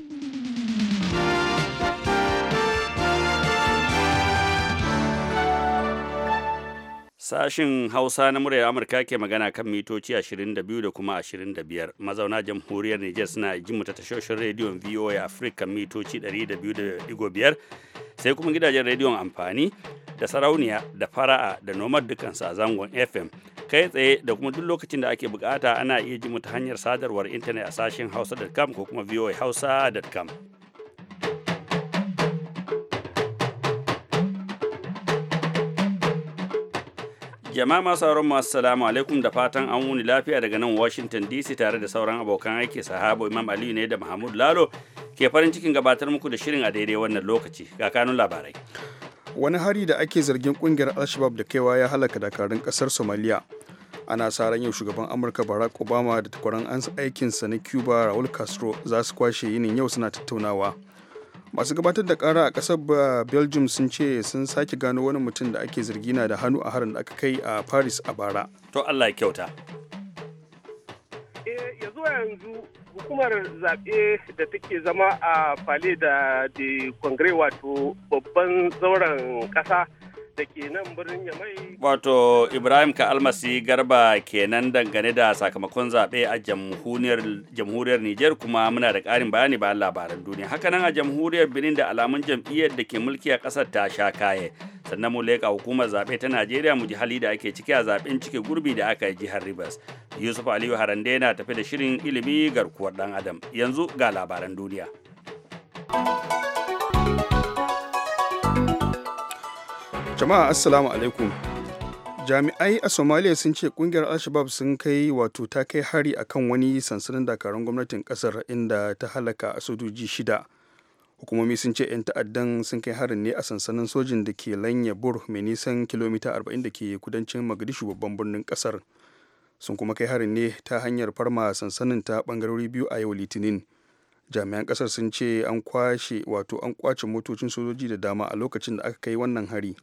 Mm-hmm. Sashin Hausa na muryar Amurka ke magana kan mitoci 22 da kuma 25. Mazauna jamhuriyar Nijar suna jin mu ta tashoshin rediyon VOA Africa mitoci 200.5 sai kuma gidajen rediyon amfani da sarauniya da fara'a da nomad dukansu a zangon FM. Kai tsaye da kuma duk lokacin da ake bukata ana iya ji mu ta hanyar sadarwar intanet a sashin hausa.com ko kuma voahausa.com. Jama'a masu sauran masu salamu alaikum da fatan an wuni lafiya daga nan Washington DC tare da sauran abokan aiki sahabo Imam Aliyu ne da Mahmud Lalo ke farin cikin gabatar muku da shirin a daidai wannan lokaci ga kanun labarai. Wani hari da ake zargin kungiyar Alshabab da kaiwa ya halaka dakarun kasar Somalia. Ana sa ran yau shugaban Amurka Barack Obama da takwaran aikinsa na Cuba Raul Castro za su kwashe yinin yau suna tattaunawa. masu gabatar da kara a kasar belgium sun ce sun sake gano wani mutum da ake zargi na da hannu a harin da aka kai a paris a bara to allah ya kyauta eh, ya zuwa yanzu hukumar zaɓe da take zama a fale da de wato babban zauren ƙasa Wato Ibrahim Ka Almasi Garba kenan dangane da sakamakon zaɓe a jamhuriyar Nijar kuma muna da ƙarin bayani bayan labaran duniya. Hakanan a jamhuriyar Benin da alamun jam'iyyar da ke mulki a ƙasar ta sha kaye. Sannan mu leƙa hukumar zaɓe ta Najeriya mu ji hali da ake ciki a zaɓen cike gurbi da aka yi jihar Rivers. Yusuf Aliyu Harande na tafi da shirin ilimi garkuwar ɗan Adam. Yanzu ga labaran duniya. jama'a assalamu alaikum jami'ai a somaliya sun ce kungiyar alshabab sun kai wato ta kai hari akan wani sansanin dakarun gwamnatin kasar inda ta halaka sojoji shida hukumomi sun ce 'yan ta'addan sun kai harin ne a sansanin sojin da ke lanya bur mai nisan kilomita 40 da ke kudancin magadishu babban birnin kasar sun kuma kai harin ne ta hanyar farma sansanin ta bangarori biyu a yau litinin jami'an kasar sun ce an kwashe wato an kwace motocin sojoji da dama a lokacin da aka kai wannan hari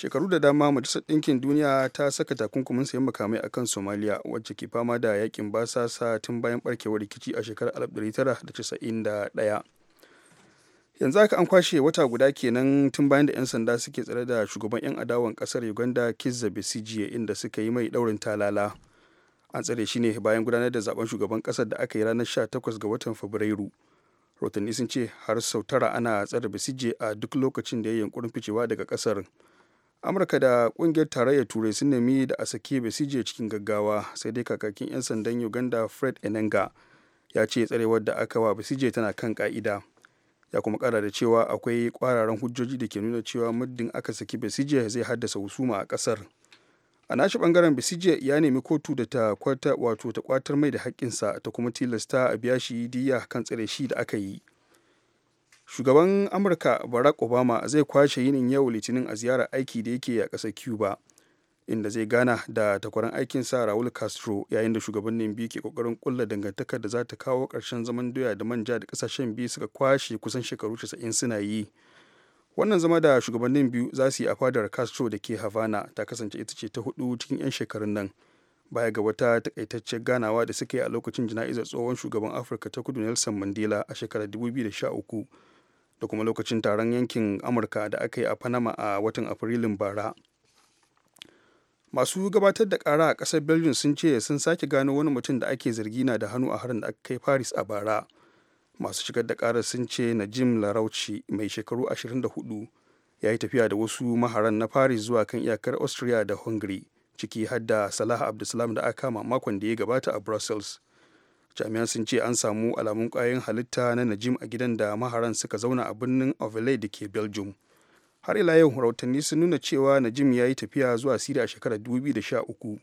shekaru da dama majalisar ɗinkin duniya ta saka takunkumin sayan makamai akan somaliya wacce ke fama da yakin basasa tun bayan barkewar rikici a shekarar 1991 yanzu aka an kwashe wata guda kenan tun bayan da 'yan sanda suke tsare da shugaban 'yan adawan kasar uganda kizza besigye inda suka yi mai daurin talala an tsare shi ne bayan gudanar da zaben shugaban ƙasar da aka yi ranar 18 ga watan fabrairu rotanni sun ce har sau tara ana tsare besigye a duk lokacin da ya yi yunkurin ficewa daga kasar amurka da kungiyar tarayyar turai sun nemi da a sake besije cikin gaggawa sai dai kakakin 'yan sandan uganda fred enenga ya ce tsarewar da aka wa besije tana kan ka'ida ya kuma kara da cewa akwai kwararan hujjoji da ke nuna cewa muddin aka saki besije zai haddasa husuma a kasar a nashi bangaren besije ya nemi kotu da ta kwata wato ta kwatar mai da haƙƙinsa ta kuma tilasta a biya shi diya kan tsare shi da aka yi shugaban amurka barack obama zai kwashe yinin yau litinin a ziyarar aiki da yake a ƙasar cuba inda zai gana da takwaran aikin sa raul castro yayin da shugabannin biyu ke kokarin kulla dangantakar da za ta kawo ƙarshen zaman doya da manja da ƙasashen biyu suka kwashe kusan shekaru 90 suna yi wannan zama da shugabannin biyu za su yi a fadar castro da ke havana ta kasance ita ce ta hudu cikin 'yan shekarun nan baya ga wata takaitaccen ganawa da suka yi a lokacin jana'izar tsohon shugaban afirka ta kudu nelson mandela a shekarar 2013 da kuma lokacin taron yankin amurka da aka yi a panama a watan afrilun bara masu gabatar da kara a kasar belgium sun ce sun sake gano wani mutum da ake zargi na da hannu a harin da aka kai paris a bara masu shigar da karar sun ce najim larauci mai shekaru 24 ya yi tafiya da wasu maharan na paris zuwa kan iyakar austria da hungary ciki har da salah abdulsalam da aka kama makon da ya gabata a brussels jami'an sun ce an samu alamun kwayoyin halitta na najim a gidan da maharan suka zauna a birnin ovile da ke belgium har ila yau rahotanni sun nuna cewa najim ya yi tafiya zuwa siriya a shekarar 2013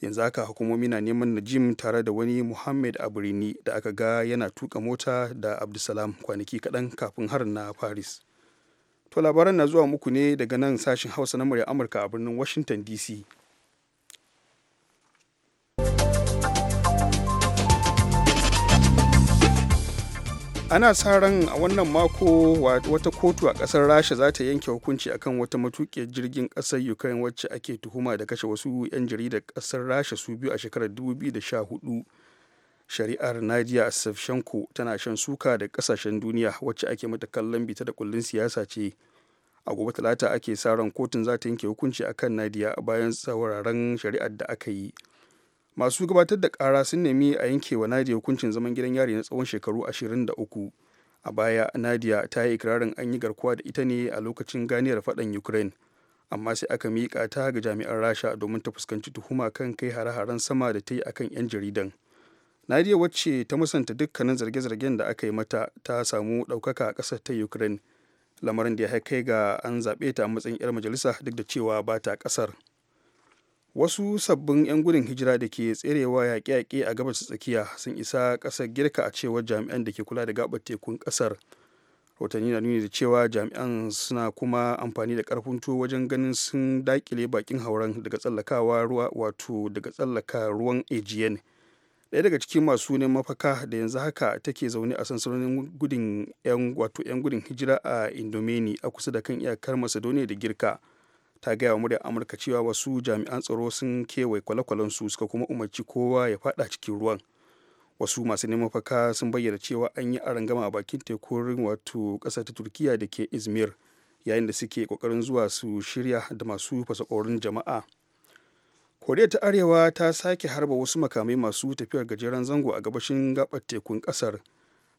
yanzu haka hukumomi na neman najim tare da wani muhammad birni da aka ga yana tuka mota da abdulsalam kwanaki kaɗan kafin harin na paris to labaran na zuwa muku ne daga nan sashen hausa na murya amurka a birnin washington dc ana sa ran a wannan mako wata kotu a kasar rasha za ta yanke hukunci akan wata matuƙiyar jirgin ƙasar ukraine wacce ake tuhuma da kashe wasu 'yan jaridar kasar rasha su biyu a shekarar 2014 shari'ar nadia savchenko tana shan suka da ƙasashen duniya wacce ake mata kallon bita da kullun siyasa ce a gobe talata ake sa ran kotun za ta yanke hukunci akan nadia bayan tsauraran shari'ar da aka yi masu gabatar da kara sun nemi a yanke wa nadia hukuncin zaman gidan yari na tsawon shekaru 23 a baya nadia ta yi ikirarin an yi garkuwa da ita ne a lokacin ganiyar fadan ukraine amma sai aka miƙa ta ga jami'an rasha domin ta fuskanci tuhuma kan kai hare-haren sama da ta yi akan 'yan jaridan nadia wacce ta musanta dukkanin zarge-zargen da aka yi mata ta samu ɗaukaka a ƙasar ta ukraine lamarin da ya kai ga an zaɓe ta a matsayin 'yar majalisa duk da cewa ba ta ƙasar wasu sabbin 'yan gudun hijira da ke tserewa yaƙe-yaƙe a gabas tsakiya sun isa ƙasar girka a cewa jami'an da ke kula da gabar tekun ƙasar rahotanni na nuni da cewa jami'an suna kuma amfani da ƙarfin tuwo wajen ganin sun daƙile bakin hauren daga tsallakawa ruwa wato daga tsallaka ruwan aegean ɗaya daga cikin masu neman mafaka da yanzu haka take zaune a sansanonin gudun 'yan wato 'yan gudun hijira a indomeni a kusa da kan iyakar macedonia da girka ta gaya wa muryar amurka cewa wasu jami'an tsaro sun kewaye kwale-kwalen su suka kuma umarci kowa ya fada cikin ruwan wasu masu neman faka sun bayyana cewa an yi arangama a bakin tekun wato kasar ta turkiya da ke izmir yayin da suke kokarin zuwa su shirya da masu fasakorin jama'a koriya ta arewa ta sake harba wasu makamai masu tafiyar gajeren zango a gabashin gabar tekun kasar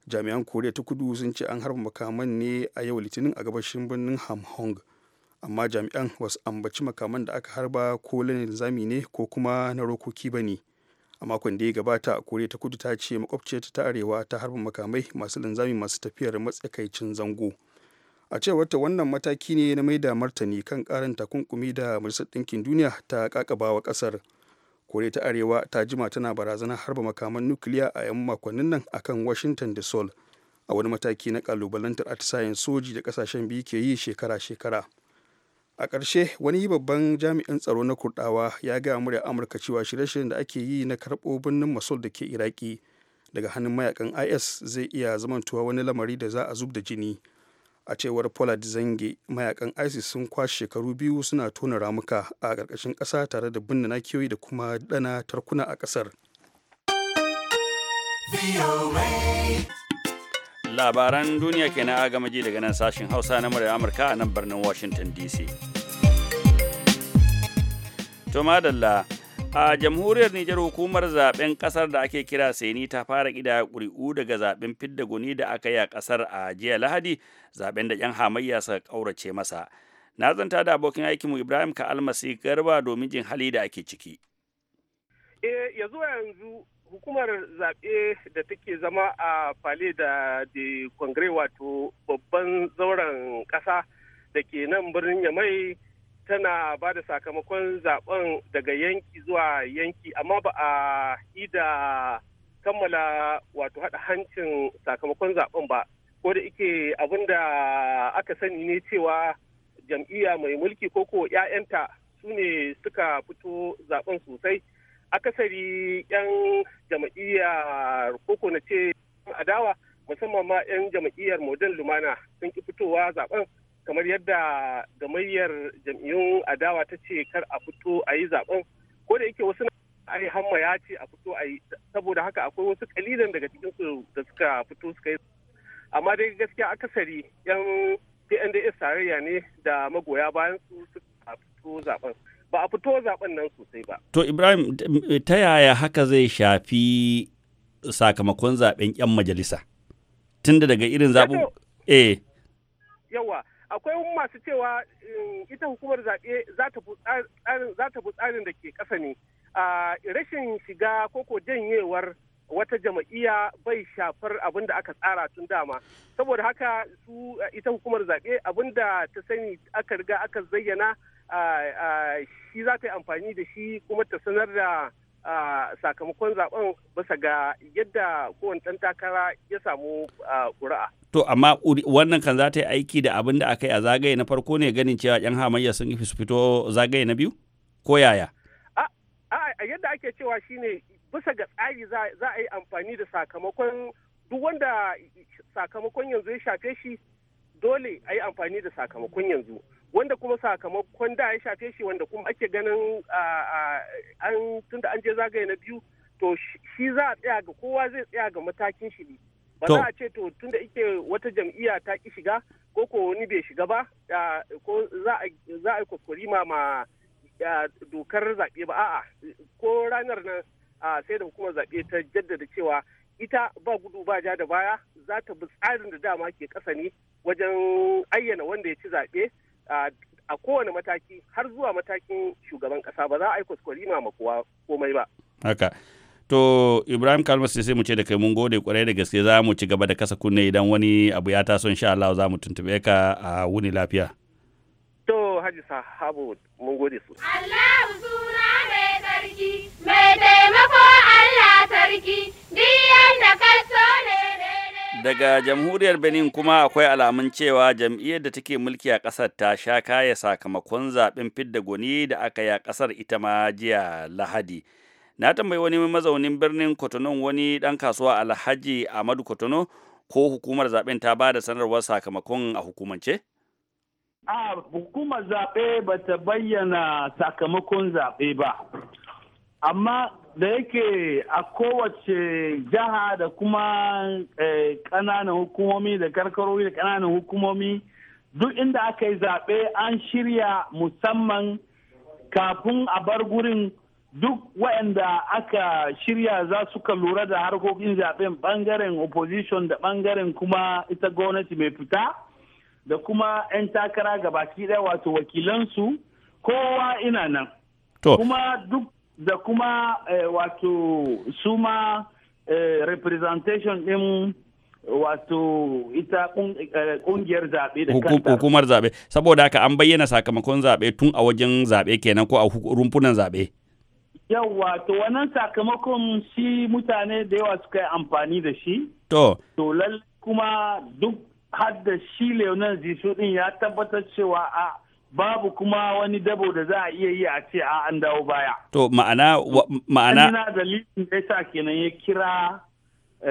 jami'an koriya ta kudu sun ce an harba makaman ne a yau litinin a gabashin birnin hamhong amma jami'an wasu ambaci makaman da aka harba ko linzami ne ko kuma na rokoki ba ne a makon da ya gabata koriya ta kudu ta ce makwabciyarta ta arewa ta harba makamai masu linzami masu tafiyar matsakaicin zango a cewar ta wannan mataki ne na mai da martani kan karin takunkumi da majalisar ɗinkin duniya ta kakabawa ƙasar koriya ta arewa ta jima tana barazanar harba makaman nukiliya a 'yan makonnin nan akan washington da seoul a wani mataki na kalubalantar atisayen soji da kasashen biyu ke yi shekara-shekara a ƙarshe wani babban jami'in tsaro na kurɗawa ya gaya murya amurka cewa shirye-shiryen da ake yi na karɓo birnin masul da ke iraki daga hannun mayakan is zai iya zamantuwa wani lamari da za a zub da jini a cewar pollard zange mayakan isis sun kwashe shekaru biyu suna tona ramuka a ƙarƙashin ƙasa tare da binne nakiyoyi da kuma dana tarkuna a ƙasar. labaran duniya kenan a gama daga nan sashen hausa na muryar amurka a nan birnin washington dc to madalla a jamhuriyar nijar hukumar zaben kasar da ake kira seni ta fara kida ƙuri'u daga zaben fidda guni da aka yi a kasar a jiya lahadi zaben da yan hamayya suka ƙaurace masa na zanta da abokin aikinmu ibrahim ka almasi garba domin jin hali da ake ciki eh yanzu hukumar zaɓe da take zama a fale da de kongre wato babban zauren ƙasa da ke nan birnin yamai tana ba da sakamakon zaben daga yanki zuwa yanki amma ba a yi da kammala wato haɗa hancin sakamakon zaben ba ko da ike abin da aka sani ne cewa jam'iyya mai mulki ko ko 'ya'yanta su ne suka fito zaben sosai akasari 'yan jama'iyyar koko na ce adawa musamman ma 'yan jama'iyyar modern lumana sun ki fitowa zaben kamar yadda gamayyar jam'iyyun adawa ta ce kar a fito a yi zaben ko da yake wasu na ai hamma ya ce a fito a yi saboda haka akwai wasu kalilan daga cikin su da suka fito suka yi amma dai gaskiya akasari yan PNDS tarayya ne da magoya bayan su suka fito zaben ba a fito zaben nan sosai ba. To Ibrahim ta yaya haka zai shafi sakamakon zaben 'yan majalisa? Tunda daga irin zaɓu? Eh. Yawa, akwai masu cewa eh, ita hukumar zaɓe za ta tsarin da ke ƙasa ne. Rashin shiga koko janyewar wata jama'iya bai shafar abin da aka tsara tun dama saboda haka su ita hukumar zaɓe abin da ta sani aka riga aka zayyana shi za ta yi amfani da shi kuma ta sanar da sakamakon zaben bisa ga yadda kowane ɗan takara ya samu ƙuri'a. To amma wannan kan za ta yi aiki da abin da aka yi a zagaye na farko ne ganin cewa 'yan hamayya sun su fito zagaye na biyu ko yaya? A yadda ake cewa shine bisa ga tsari za a yi amfani da sakamakon duk wanda sakamakon yanzu ya shafe shi dole a yi amfani da sakamakon yanzu. wanda kuma sakamakon da ya shafe shi wanda kuma ake ganin an tunda an je zagaye na biyu to shi za a tsaya ga kowa zai tsaya ga matakin shi ne ba za a ce to tunda ike wata jam'iyya ta ki shiga ko ko wani bai shiga ba ko za a yi kwakwari ma ma dokar zaɓe ba a'a ko ranar nan sai da hukumar zaɓe ta jaddada cewa ita ba gudu ba ja da baya za ta bi tsarin da dama ke ƙasa ne wajen ayyana wanda ya ci zaɓe a kowane mataki har zuwa matakin shugaban kasa ba za a yi kwaskwari ma kowa komai ba. Haka. To Ibrahim Kalmas sai mu ce da kai mun gode kwarai da gaske za mu ci gaba da kasa kunne idan wani abu ya taso insha Allah za mu tuntube ka a wuni lafiya. To Haji Sahabu mun gode su. Allahu suna mai sarki mai taimako Allah sarki diyan da ne. daga jamhuriyar benin kuma akwai alamun cewa jam'iyyar da take mulki a ƙasar ta sha kaya sakamakon zaɓen fidda gwani da aka yi a ƙasar ita ma jiya lahadi na tambayi wani mazaunin birnin kotonon wani ɗan kasuwa alhaji Amadu kotono ko hukumar zaɓen ta ba da sanarwar sakamakon a hukumance a hukumar zaɓe ba ta bayyana sakamakon zaɓe ba amma da yake a kowace jiha da kuma eh, ƙananan hukumomi da karkarori da ƙananan hukumomi duk inda aka yi zaɓe an shirya musamman kafin a bar gurin duk waɗanda aka shirya za su ka lura da harkokin zaɓen ɓangaren opposition da ɓangaren kuma ita gwamnati mai fita da kuma 'yan takara gabaki ɗaya wato wakilansu kowa ina nan kuma duk da kuma eh, wato suma eh, representation din wato ita kungiyar eh, zaɓe da kanta. Hukumar zaɓe, saboda haka an bayyana sakamakon zaɓe tun a wajen zaɓe kenan ko a rumfunan zaɓe. Yau wato wannan sakamakon shi mutane da yawa suka yi amfani da shi. To. To lallai kuma duk har shi Leonan Zisu ɗin ya tabbatar cewa a babu kuma wani dabo da za a iya yi a ce a an dawo baya. To ma'ana ma'ana. na dalilin da yasa kenan ya kira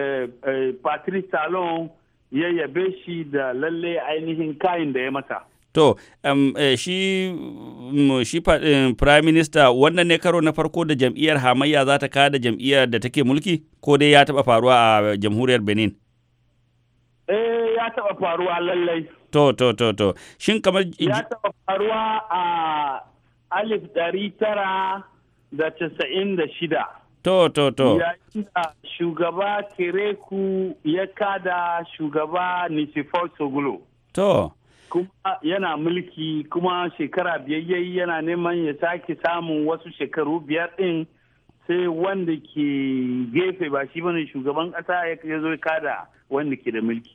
eh, eh, Patrice Talon ya yabe shi da lalle ainihin kayan da ya mata. To, um, eh, shi, um, shi um, Prime Minister wannan ne karo na farko da jam'iyyar hamayya za ta kada jam'iyyar da take mulki ko dai ya taɓa faruwa a jamhuriyar Benin? Eh, ya taɓa faruwa lallai. To, to, to, to. Shin kamar... Ya taɓa faruwa a alif dari tara da casa'in da shida. To, to, to. Yayin da shugaba Kereku ya kada shugaba Nisifor togulo. To. Kuma yana mulki kuma shekara biyayyayi yana neman ya sake samun wasu shekaru biyar ɗin sai wanda ke gefe ba shi bane shugaban ƙasa ya zo kada wanda ke da mulki.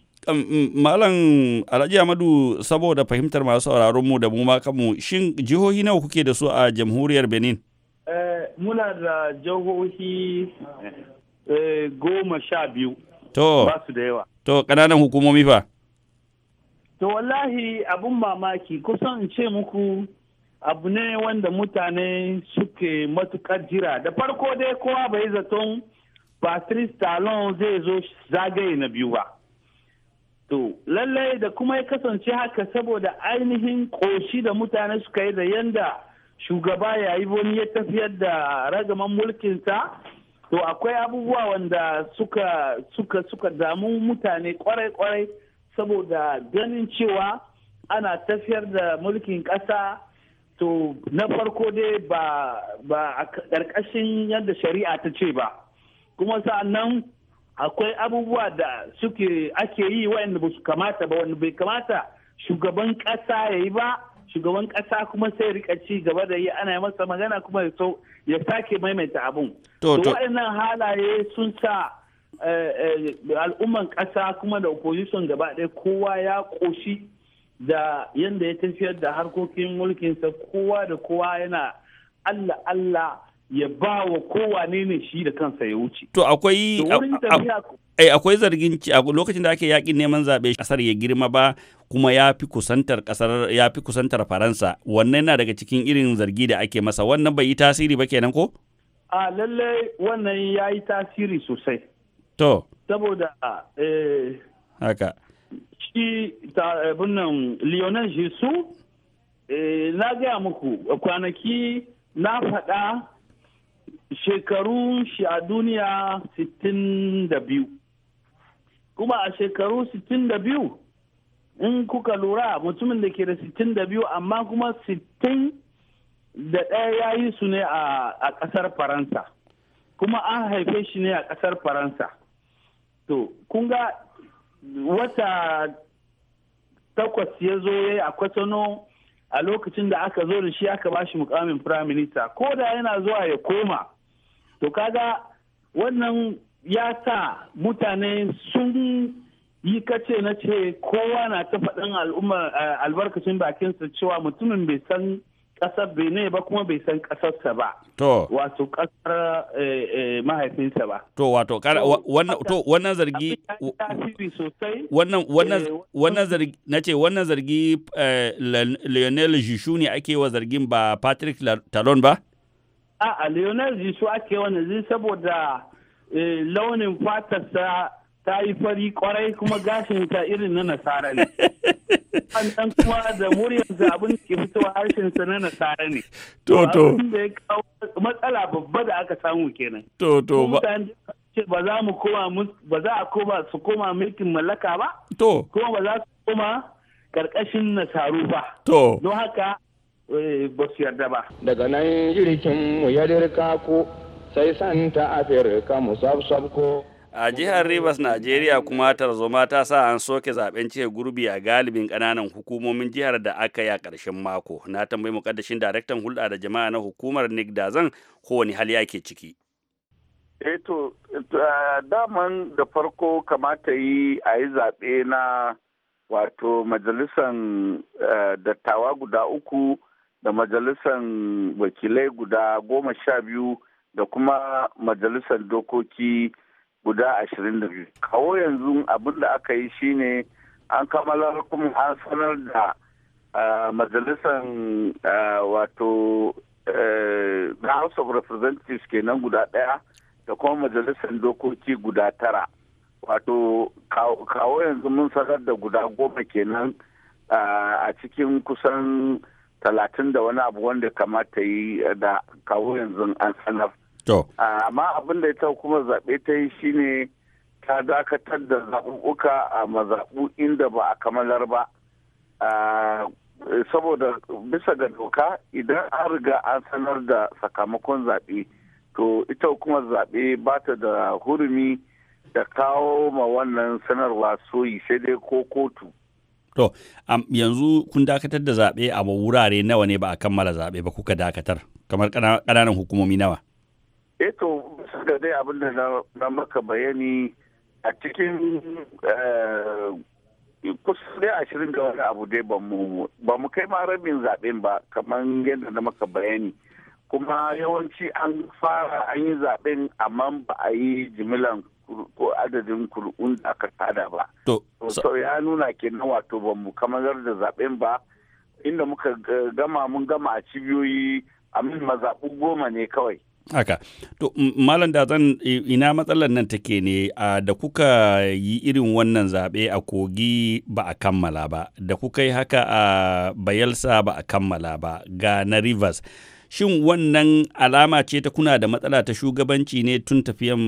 malam alhaji amadu saboda fahimtar masu sauraron mu da mu ma kanmu shin jihohi nawa kuke da su a jamhuriyar benin eh, muna da jihohi eh, goma sha biyu ba su da yawa to ƙananan hukumomi fa to wallahi abun mamaki kusan in ce muku abu ne wanda mutane suke matukar jira da farko dai kowa bai zaton patrice talon zai zo zagaye na biyu ba To, lallai da kuma ya kasance haka saboda ainihin ƙoshi da mutane suka yi da yanda shugaba ya yi wani ya tafiyar da ragaman mulkinsa, to akwai abubuwa wanda suka suka damu mutane kwarai-kwarai saboda ganin cewa ana tafiyar da mulkin ƙasa to na farko dai ba a ƙarƙashin yadda shari'a ta ce ba. Kuma sa'annan akwai abubuwa da suke ake yi waɗanda ba su kamata ba wanda bai kamata shugaban ƙasa ya yi ba shugaban ƙasa kuma sai rika ci gaba da yi ana masa magana kuma ya sake maimaita abun. To, waɗannan halaye sun sa eh, eh, al'umman ƙasa kuma da opposition gaba ɗaya kowa ya ƙoshi da yadda ya tafiyar da harkokin mulkinsa kowa da kowa yana Allah Allah ya ba wa kowane ne shi da kansa ya wuce. To akwai eh, akwai zargin lokacin da ake yakin neman zaɓe kasar ya girma ba kuma ya fi kusantar kasar ya fi kusantar Faransa wannan na daga cikin irin zargi da ake masa wannan bai yi tasiri ba kenan ko? A lalle wannan ya yi tasiri sosai. To. Saboda eh, haka. Shi ta nan Lionel Jesus eh, na gaya muku kwanaki na faɗa shekarun shi a duniya 62 kuma a shekaru 62 in kuka lura mutumin da ke da 62 amma kuma 60 da ɗaya ya yi su ne a ƙasar faransa kuma an haife shi ne a ƙasar faransa to kun ga wata takwas ya zo ya yi a kwatano a lokacin da aka zo da shi aka ba shi mukamin firaminista ko da yana zuwa ya koma to kaga wannan ya sa mutane sun yi kace na ce kowa na ta faɗin eh, albarkacin bakinsa cewa mutumin bai san ƙasar Benin ba kuma bai san ƙasarsa ba. To. Wato ƙasar eh, eh, mahaifinsa ba. To wato wannan zargi. Wannan zargi na ce wannan zargi Lionel Jishu ne ake wa zargin ba Patrick Talon ba? A'a Lionel su ake wani zai saboda eh, launin fatarsa ta yi fari kwarai kuma gashin ta irin na nasara ne. Sannan kuma da muryarsa abin ke fitowa harshensa na nasara ne. To to. da ya kawo matsala babba da aka samu kenan. To to ba za mu koma ba za a koma su koma mulkin mallaka ba. To. Kuma ba za su koma karkashin nasaru ba. To. Don haka Eh, ba su yarda ba. Daga nan jirginmu mu ya dirka ko sai santa Afirka mu sab ko. A jihar Rivers, Najeriya kuma tarzoma ta sa an soke zaben cike gurbi a galibin ƙananan hukumomin jihar da aka yi a ƙarshen mako. Na tambayi mukaddashin daraktan hulɗa da jama'a na hukumar Nick Dazan kowane hali yake ciki. Eh to, eh, daman da farko kamata yi a yi zaɓe na wato majalisan eh, dattawa guda uku da majalisar wakilai guda goma sha biyu da kuma majalisar dokoki guda ashirin da biyu kawo yanzu abin da aka yi shine an kamalar kuma an sanar da majalisar wato na house of representatives kenan guda daya da kuma majalisar dokoki guda tara wato kawo yanzu mun sanar da guda goma kenan a cikin kusan talatin da wani abu wanda kamata yi da kawo yanzu an sanar. Amma abin da ita kuma zaɓe ta yi shine ta dakatar da zaɓuɓɓuka a mazaɓu inda ba a kamalar ba. Saboda bisa ga doka idan an riga an sanar da sakamakon zaɓe to ita kuma zaɓe ba ta da hurumi da kawo ma wannan sanarwa soyi sai dai ko kotu. To, yanzu kun dakatar da zaɓe a wurare nawa ne ba a kammala zaɓe ba kuka dakatar, kamar ƙananan hukumomi nawa? e bisa da dai abin da na maka bayani a cikin eh, kusurai ashirin da wani abu dai ba mu kai ma rabin zaɓen ba, kamar yadda na maka bayani. kuma yawanci an fara an yi zaɓen amma ba a yi jimilan ko adadin kur'un da aka tada ba. To, ya nuna kenan wato ba mu kamar da zaɓen ba inda muka gama mun gama a cibiyoyi amin mazaɓu goma ne kawai. Haka, to, malam da zan ina matsalar nan take ne da kuka yi irin wannan zaɓe a kogi ba a kammala ba, da kuka yi haka a bayelsa ba a kammala ba, ga na Rivers. shin wannan alama ce ta kuna da matsala ta shugabanci ne tun tafiyan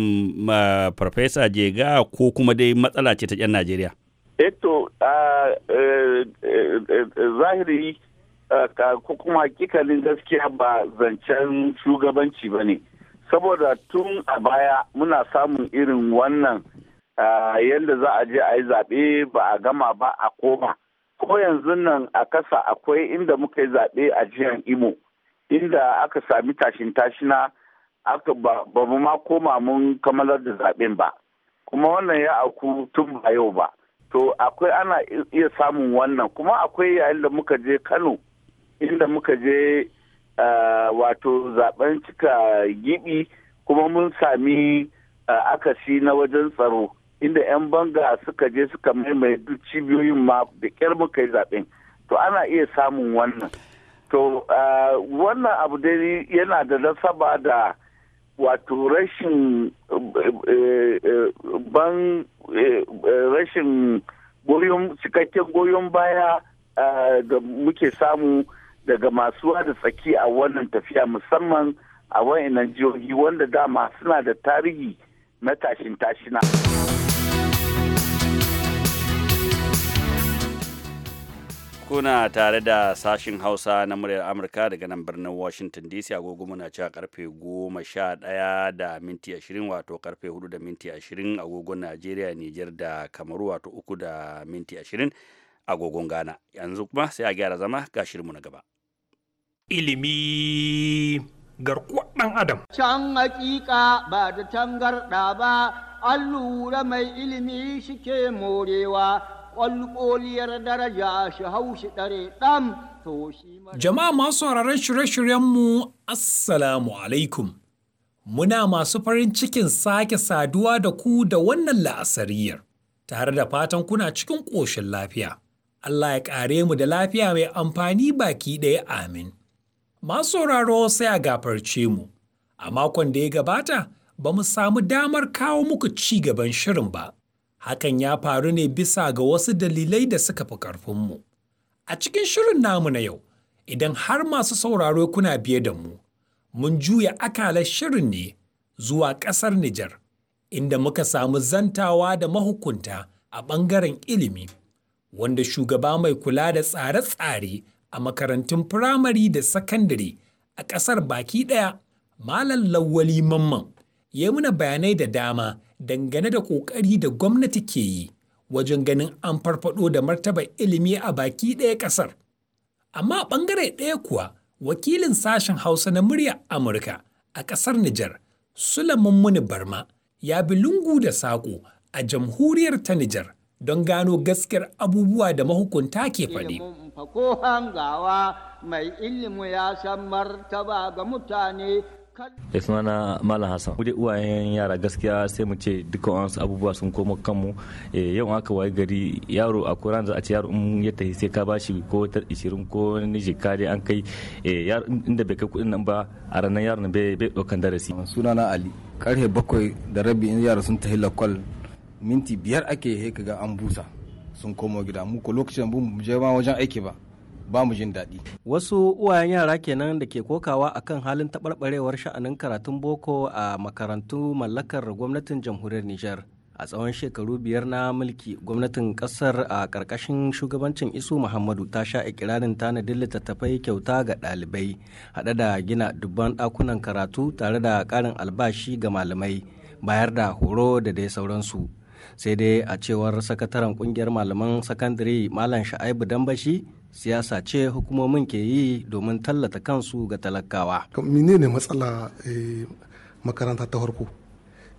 farfesa jega ko kuma dai matsala ce ta 'yan najeriya eto eh eh, eh, zahiri ko kuma kikalin gaskiya ba zancen shugabanci ba ne saboda tun a baya muna samun irin wannan yadda za a je a yi zaɓe ba a gama ba a koma ko yanzu nan a kasa akwai inda muka yi zaɓe a jihar imo inda aka sami tashin tashina aka ba mu ma koma mun kamalar da zaben ba kuma wannan ya aku tun ba yau ba to akwai ana iya samun wannan kuma akwai yayin da muka je kano inda muka je eh, wato zaben cika gibi kuma mun sami eh, akasi na wajen tsaro inda 'yan banga suka je suka maimai duk cibiyoyin ma da kyar muka yi zaben to ana iya samun wannan To, wannan abu dai yana da nasaba da wato rashin eh, eh, ban eh, rashin goyon cikakken goyon baya da muke samu daga masu da tsaki a wannan tafiya musamman a wani jihohi wanda dama suna da tarihi na tashin tashina. kuna tare da sashin hausa na muryar amurka daga nan birnin washington dc agogo muna cewa karfe 11 da minti 20 wato karfe 4 da minti 20 agogon nigeria niger da kamaru wato 3 da minti 20 agogon ghana yanzu kuma sai a gyara zama ga shirinmu na gaba ilimi garkuwar dan adam can hakika ba da tangarda ba allura mai ilimi shike morewa kwalkoliyar daraja shi haushi ɗare ɗan to Jama'a masu hararen shirye-shiryenmu, Assalamu alaikum. Muna masu farin cikin sake saduwa da ku da wannan la'asariyar, tare da fatan kuna cikin ƙoshin lafiya. Allah ya ƙare mu da lafiya mai amfani baki ɗaya amin. Masu sauraro sai a gafarce mu, a makon da ya gabata, ba mu samu damar kawo muku ci gaban shirin ba. Hakan ya faru ne bisa ga wasu dalilai da suka fi ƙarfinmu. A cikin shirin namu na yau, idan har masu sauraro kuna biye da mu, mun juya akalar shirin ne zuwa ƙasar Nijar, inda muka samu zantawa da mahukunta a ɓangaren ilimi, wanda shugaba mai kula da tsare-tsare a makarantun firamare da sakandare a ƙasar baki ɗaya, Malam Lawwali Mamman, ya muna bayanai da dama dangane da ƙoƙari da gwamnati ke yi wajen ganin an farfado da martaba ilimi a baki ɗaya ƙasar. Amma a ɓangare ɗaya kuwa, wakilin sashen Hausa na muryar Amurka a ƙasar Nijar, Sulaiman Muni Barma, ya bi lungu da saƙo a jamhuriyar ta Nijar don gano gaskiyar abubuwa da mahukunta ke faɗi. Ko hangawa mai ilimi ya san martaba ga mutane da eh, sunana malam hassan kuje uwayen yara gaskiya sai mu ce duka wasu abubuwa sun koma kanmu eh, yau aka waye gari yaro a koran za a ce yaro in ya tafi sai ka bashi ko ta 20 ko ni jika an kai eh, yaro inda bai kai kudin nan ba a ranar yaro bai bai darasi sunana ali karfe bakwai da rabi in yara sun tafi lakwal minti biyar ake he ga an busa sun komo gida mu ko lokacin mu je ma wajen aiki ba ba mu jin daɗi. Wasu uwayen yara kenan da ke kokawa akan halin taɓarɓarewar sha'anin karatun boko a makarantu mallakar gwamnatin jamhuriyar Nijar. A tsawon shekaru biyar na mulki gwamnatin ƙasar a ƙarƙashin shugabancin Isu Muhammadu ta sha ikirarin tanadin littattafai kyauta ga ɗalibai, haɗe da gina dubban ɗakunan karatu tare da ƙarin albashi ga malamai, bayar da horo da dai sauransu. sai dai a cewar sakataren kungiyar malaman sakandare malam sha'aibu dambashi siyasa ce hukumomin ke yi domin tallata kansu ga talakawa. mine ne matsala eh, makaranta ta farko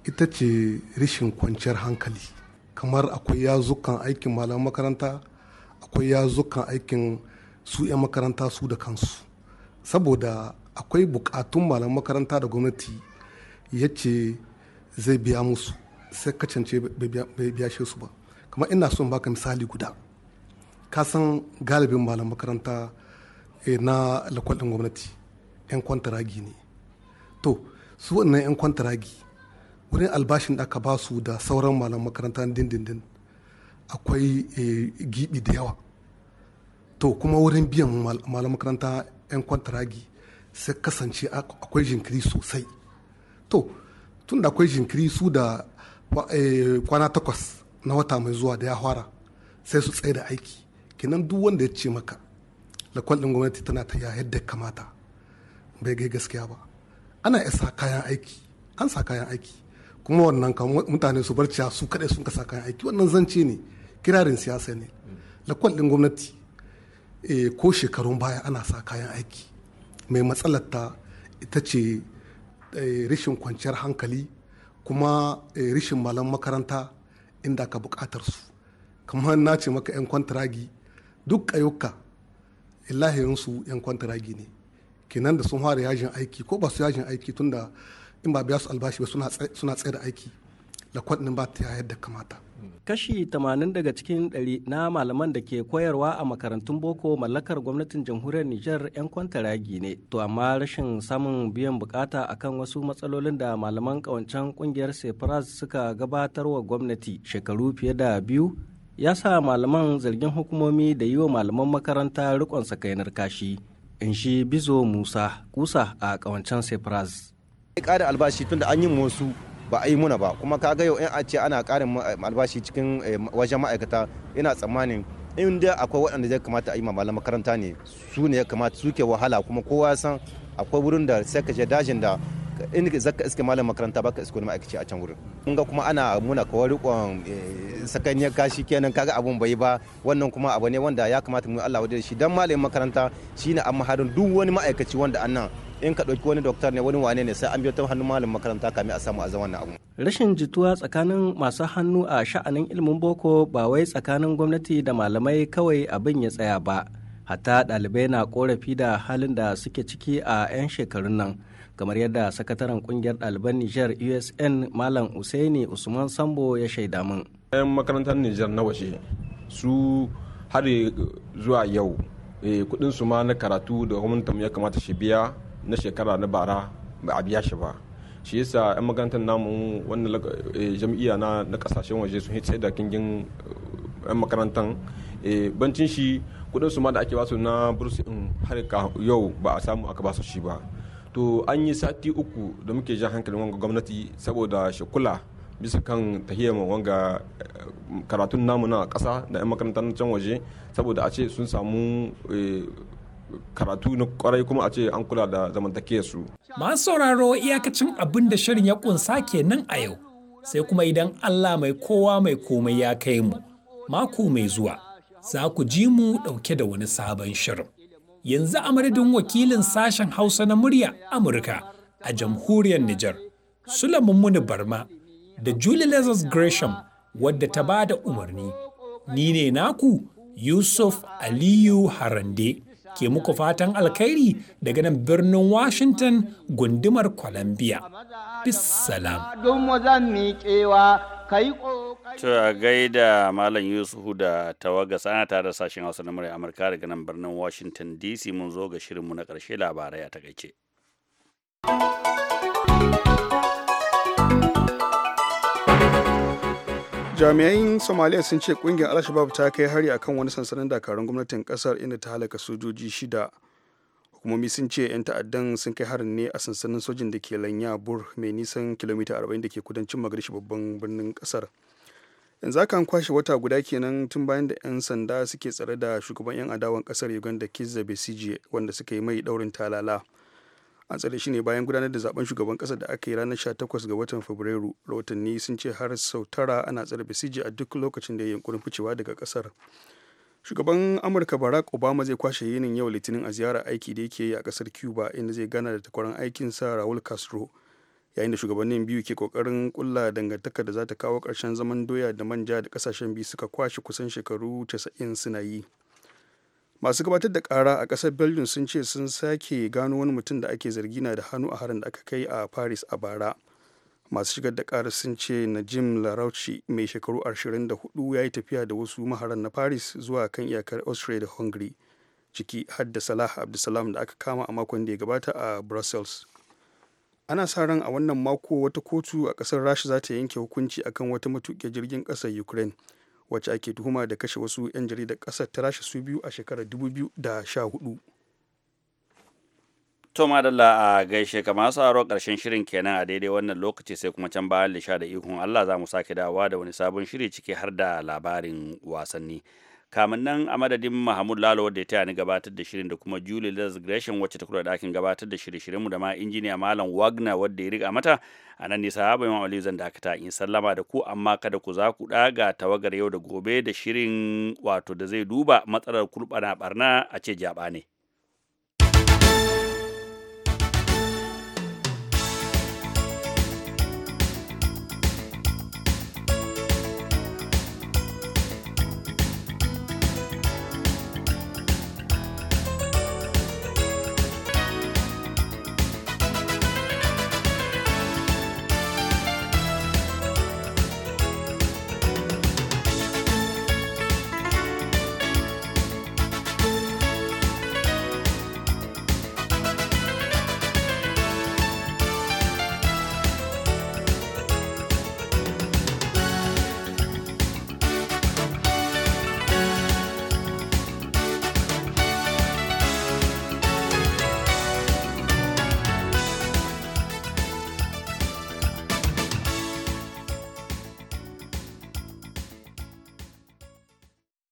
ita ce rashin kwanciyar hankali kamar akwai yazukan aikin malam makaranta akwai yazukan aikin su 'yan makaranta su da kansu saboda akwai bukatun malam makaranta da gwamnati ya ce zai biya musu sai kacance bai biya su ba kamar ina son baka misali guda kasan galibin malam makaranta eh, na lakwalin gwamnati 'yan kwantaragi ne to su wannan 'yan kwantaragi wurin albashin da aka ba su da sauran malam makaranta dindindin akwai eh, gibi da yawa to kuma wurin biyan malam makaranta 'yan kwantaragi sai kasance akwai jinkiri sosai to tun da akwai jinkiri su da eh, kwana takwas na wata mai zuwa da ya fara sai su tsaye da aiki kinan duk wanda ya ce maka lakwal ɗin gwamnati tana ta da kamata bai gai gaskiya ba ana isa kayan aiki an sa kayan aiki kuma wannan kan mutane su barciya su kaɗai sun sa kayan aiki wannan zance ne kirarin siyasa ne lakwal ɗin gwamnati eh, ko shekarun baya ana sa kayan aiki mai matsalar ta ita ce eh, rashin kwanciyar hankali kuma eh, rashin malam makaranta inda ka buƙatar su kamar na ce maka 'yan kwantiragi duk ƙayyuka lahirinsu 'yan kwantaragi ne kenan da sun fara yajin aiki ko ba su yajin aiki tun da in ba biya su albashi ba suna tsaye da aiki ba ta yadda kamata kashi 80 daga cikin 100 na malaman da ke koyarwa a makarantun boko mallakar gwamnatin jamhuriyar niger 'yan kwantaragi ne to amma rashin samun biyan bukata akan wasu matsalolin da malaman kawancen kungiyar sefras suka gabatarwa gwamnati shekaru fiye da biyu ya sa malaman zargin hukumomi da yi wa malaman makaranta rikon sakainar kashi in shi bizo musa kusa a kawancen sefraz ƙarin albashi tun da an yi musu ba a yi muna ba kuma ka ga yau in a ce ana ƙarin eh, albashi cikin eh, wajen ma'aikata ina tsammanin in dai akwai waɗanda zai kamata a yi malaman makaranta ne su ne ya kamata suke wahala kuma kowa san akwai wurin da sai ka je dajin da in zaka iske malam makaranta baka iske wani ma'aikaci a can wurin mun ga kuma ana muna kawai rikon eh, sakaniyar kashi kenan kaga abun bai ba wannan kuma abu ne wanda ya kamata mu Allah wadai shi dan malamin makaranta shine amma harin duk wani ma'aikaci wanda annan in ka ɗauki wani doktor ne wani wane ne sai an biyo ta hannun malam makaranta kame a samu a wannan abu. Rashin jituwa tsakanin masu hannu a sha'anin ilimin boko ba wai tsakanin gwamnati da malamai kawai abin ya tsaya ba. Hatta ɗalibai na korafi da halin da suke ciki a 'yan shekarun nan kamar yadda sakataren kungiyar ɗaliban nijar usn malam usaini usman sambo ya shaida min yan makarantar nijar na washe su har zuwa yau eh, kudin su ma na karatu da gwamnatin ya kamata shi biya na shekara na bara ba a biya shi ba shi yasa yan makarantar namu wannan eh, jam'iyya na na kasashen waje sun hitse da kingin eh, yan makarantar bancin shi kudin su ma da ake basu na burus in har yau ba a samu aka basu shi ba to an yi sati uku da muke jan hankalin wanga gwamnati saboda shakula bisa kan tahiyar wanga eh, karatun namu na ƙasa da 'yan makarantar can waje saboda a ce sun samu eh, karatu na kwarai kuma a ce an kula da zamantakiyar su. Masu sauraro iyakacin abin da shirin ya kunsa kenan a yau sai kuma idan Allah mai kowa mai komai ya kai mu mako mai zuwa za ku ji mu dauke da wani sabon shirin. yanzu a madadin wakilin sashen Hausa na murya Amurka a jamhuriyar Nijar, Sulaiman Muni Barma da Julie Lazarus Gresham wadda ta ba da umarni. Ni ne naku Yusuf Aliyu Harande ke muku fatan alkhairi daga nan birnin Washington gundumar Columbia. Bissalam. To gaida Malam Yusufu da tawaga sana tare da sashen Hausa na murya Amurka daga nan birnin Washington DC mun zo ga shirinmu na karshe labarai a takaice. jami'an somaliya sun ce kungiyar al-shabab ta kai hari akan wani sansanin dakarun gwamnatin kasar inda ta halaka sojoji shida hukumomi sun ce 'yan ta'addan sun kai harin ne a sansanin sojin da ke lanya bur mai nisan kilomita 40 da ke kudancin magarishi babban birnin kasar yanzu aka an kwashe wata guda kenan tun bayan da 'yan sanda suke tsare da shugaban 'yan adawan kasar uganda kizza besiji wanda suka yi mai daurin talala an tsare shi ne bayan gudanar da zaben shugaban kasar da aka yi ranar 18 ga watan fabrairu rahotanni sun ce har sau tara ana tsare besiji a duk lokacin da ya yi yunkurin ficewa daga kasar shugaban amurka barack obama zai kwashe yinin yau litinin a ziyarar aiki da yake yi a kasar cuba inda zai gana da takwaran sa raul castro yayin da shugabannin biyu ke kokarin kulla dangantakar da za ta kawo karshen zaman doya da manja da kasashen biyu suka kwashe kusan shekaru 90 suna yi masu gabatar da kara a kasar belgium sun ce sun sake gano wani mutum da ake zargi na da hannu a harin da aka kai a paris a bara masu shigar da ƙara sun ce na najim larauci mai shekaru 24 ya yi tafiya da wasu maharan na paris zuwa kan iyakar austria da hungary ciki hadda da salah abdulsalam da aka kama a makon da ya gabata a brussels ana sa ran a wannan mako wata kotu a ƙasar rasha za ta yanke hukunci akan wata matuƙe jirgin ƙasar ukraine wacce ake tuhuma da kashe wasu 'yan jaridar ƙasar ta rasha su biyu a shekarar 2014 To madalla a gaishe kamar sauraro karshen shirin kenan a daidai wannan lokaci sai kuma can bayan lisha da ihun Allah za mu sake dawowa da wani sabon shiri ciki har da labarin wasanni. Kamin nan a madadin Mahmud Lalo wadda ya taya ni gabatar da shirin da kuma Julie Liz Gresham wacce ta kula da ɗakin gabatar da shirye-shiryenmu da ma injiniya Malam Wagner wadda ya riga mata a nan nisa ya bayan Aliyu zan dakata in sallama da ku amma kada ku za ku ɗaga tawagar yau da gobe da shirin wato da zai duba matsalar kurɓana barna a ce jaɓa ne.